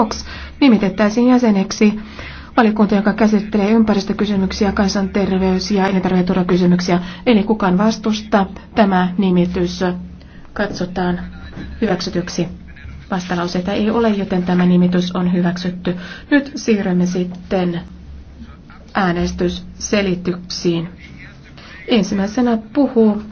Fox nimitettäisiin jäseneksi valikunta, joka käsittelee ympäristökysymyksiä, kansanterveys- ja elintarviketurvakysymyksiä. Eli kukaan vastusta tämä nimitys katsotaan hyväksytyksi. Vastalauseita ei ole, joten tämä nimitys on hyväksytty. Nyt siirrymme sitten äänestysselityksiin. Ensimmäisenä puhuu